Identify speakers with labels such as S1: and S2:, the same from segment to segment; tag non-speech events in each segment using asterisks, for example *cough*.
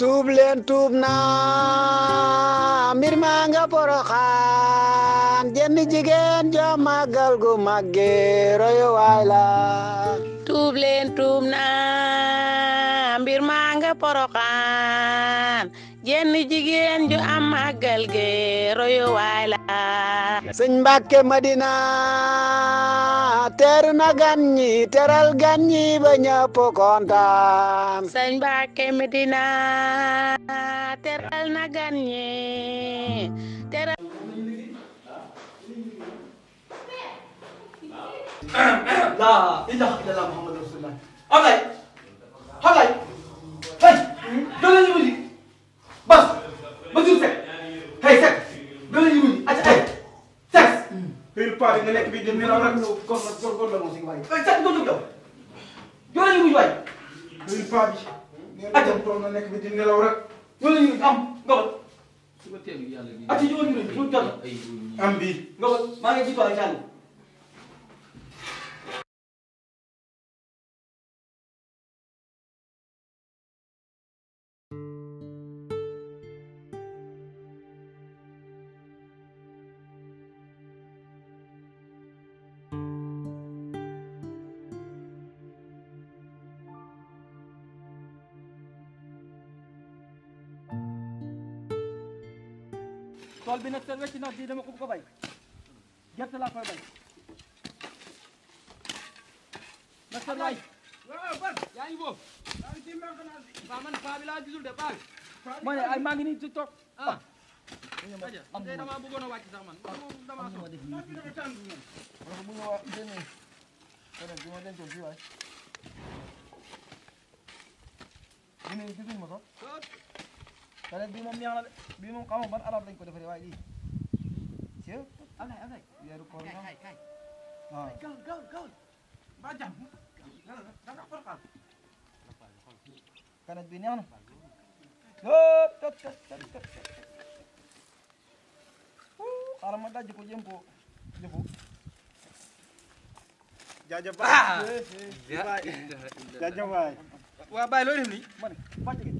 S1: tuub leen tuub naa mbir maa nga poroxaan jenn jigéen joo màggal gu màgge royo waay la tuub leen tuub naa mbir maa nga poroxaan jenn jigéen ju am màggal ge royuwaay la sëñ Mbàkke Madina teeru na gan ñi teral gan ñi ba ñëpp kontaan sëñ Mbàkke Madina teral na gan ñi *coughs* heure passée nga nekk bi di nelaw rek. góor góor góor la moom si waaye. sax góor la mu daw. joola ñu mujj waay. heure passée. atia nga nekk bi di nelaw rek. joola ñu am ndox. su ko teelee yàlla bi. atia joola ñu am bi. ndox maa ngi ci toile tool bi nag seen wecc nag di dama ko bëgg a bay gerte laa koy bay nag seen waay yaa ngi boobu waaw laa gisul de paa bi ma ay maa ngi nii ci toog ah am ah. tey dama bëggoon a wàcc sax man ah. dama so def ni bu ñu wax dene dene bu ma dencoon fii waay dene gisuñ ma ko Kalau lebih yang lebih mom kamu ban Arab lagi kau dapat lagi. Cio. Alai alai. Ya rukun. Kai kai. Ha. Kai. Go go go. Macam. Dah nak perkal. Kanat bin yang. Cep cep cep cep cep. Karena mata jepuk jempu. Jepuk. Jajah bai. Jajah bai. Wah bai lori ni. Mana? Pakai.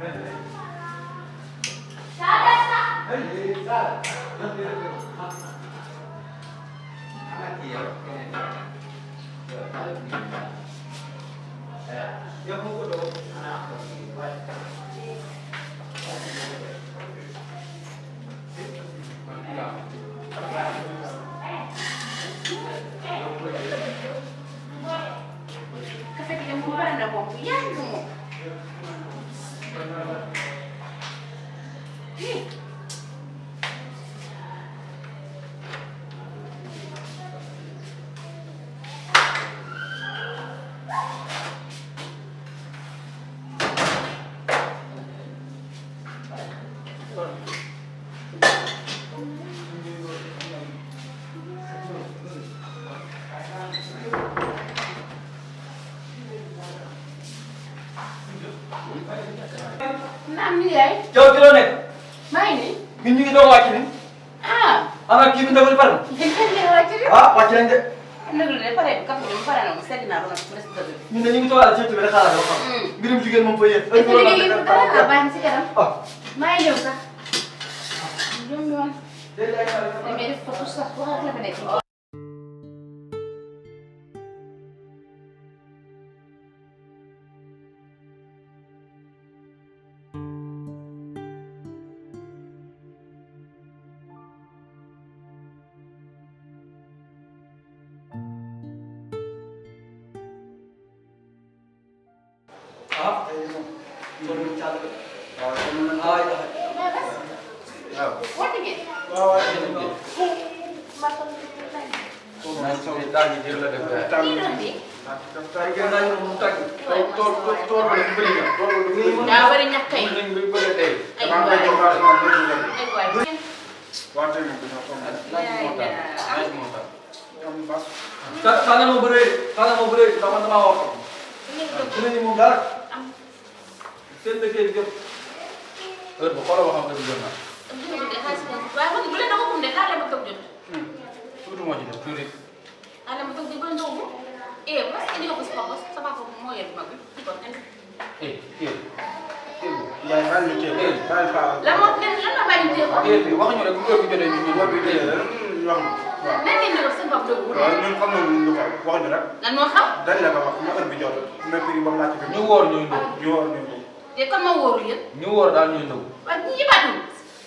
S1: Thank you. brother. ñu ngi lay. yow ci loo nekk. maa ngi nii. ñun ñu ngi doog a wàcc nii. ah. ama kii bi ndagul pare na. ngeen kenn ngeen wàcc de. waaw wàcc nañ de. ndagul de pare kaf bi mu pare na mu sedd naa ba noppi mu des dëgg. ñun de ñu ngi toogal ci bi rek xaaral ko. mbirum jigéen moom fooy yéen. est-ce que léegi ah baax na si kanam. maa ngi ñëw sax. ñoom ñoom. déedéet ay xale. mais def ko sax waxal la fa nekk. waaw woote ngeen. waaw waaw dëgg la dëgg la waaye man bu leen doon waxoon de xaaral ma toog jot. tuuti moo ci def tuuti. xaaral ma toog jot bu leen doon waxoon. eh parce que indi nga ko si papa sa papa moo yor mag bi kon indi. eh eh. yaay baal ñu teel eh baal faa. lan moo lan lan la baal ñu teel ko. eh bi waxuñu rek bu góor bi jotee ñu ñu góor bi teel la wax na. waaw nan ngeen di wax seen papa dëgg. waaw ñun xam nañu lu ñu ko waxuñu rek. lan moo xam. dañ la ko wax ñu heure bi jot na prix ba mu laaj bi. ñu wóor ñooy ñëw ñu wóor ñooy ñëw. te comme ma wóorul yëpp. ñu wóor daal ñooy ñëw. waaw ñu yëbaatuñu.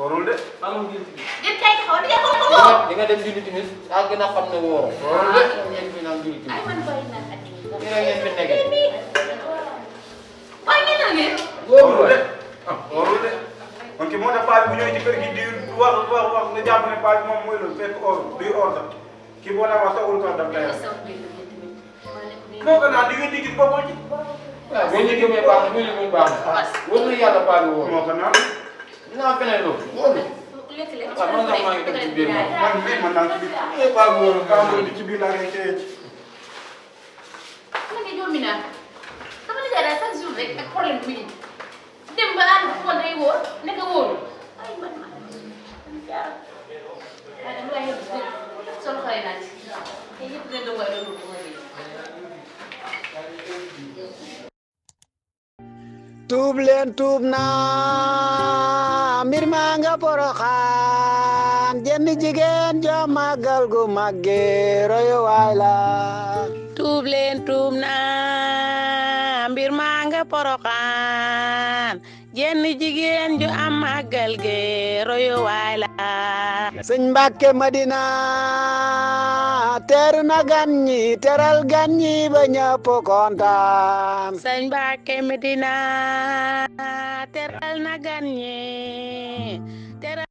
S1: warul de. amul ngeen ci. ngeen dem julli timis yaa gën a xam ne wóorul. warul de ngeen fi ne ngeen fi nekkee. di wax wax wax nga ne paa bi moom mooy loolu fekk or duy or sax kii boo naa wax tawul ko daf lay wax. moo ko naan di ngeen di gis bokkul dinaa feneen loolu wóorul. waaw man nag maa ngi dem ci biir moom man bii man naa ci biir. eh Paa bu wóorul Paa mooy ci biir laa koy téye. xam nga ñoom Mina sama nijaay daal chaque jour rek ak problème bu ñu dem ba ànd ko day wóor nekk wóorul ay man maa ngi jaar
S2: waaye nag lu ay yëngu si sol xale naa ci te yëpp
S1: gën a wóor tuub leen tuub naa mbir maa nga poroxaan jenn jigéen joo màggal gu màgge royo waay la tuub leen tuub naa mbir maa nga poroxaan jenn jigéen ju am màggal ge royuwaay la sëñ Mbàkke Madina teeru na gan ñi teral gan ñi ba ñëpp kontaan sëñ Mbàkke Madina teral na gan ñi